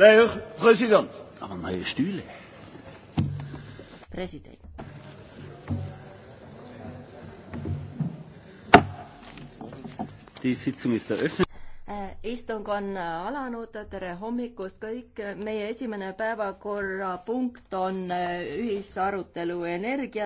De heer president. Aber neue Stühle. President. Die Sitzung ist eröffnet istung on eh, alanud, tere hommikust kõik, meie esimene päevakorrapunkt on eh, ühisarutelu energia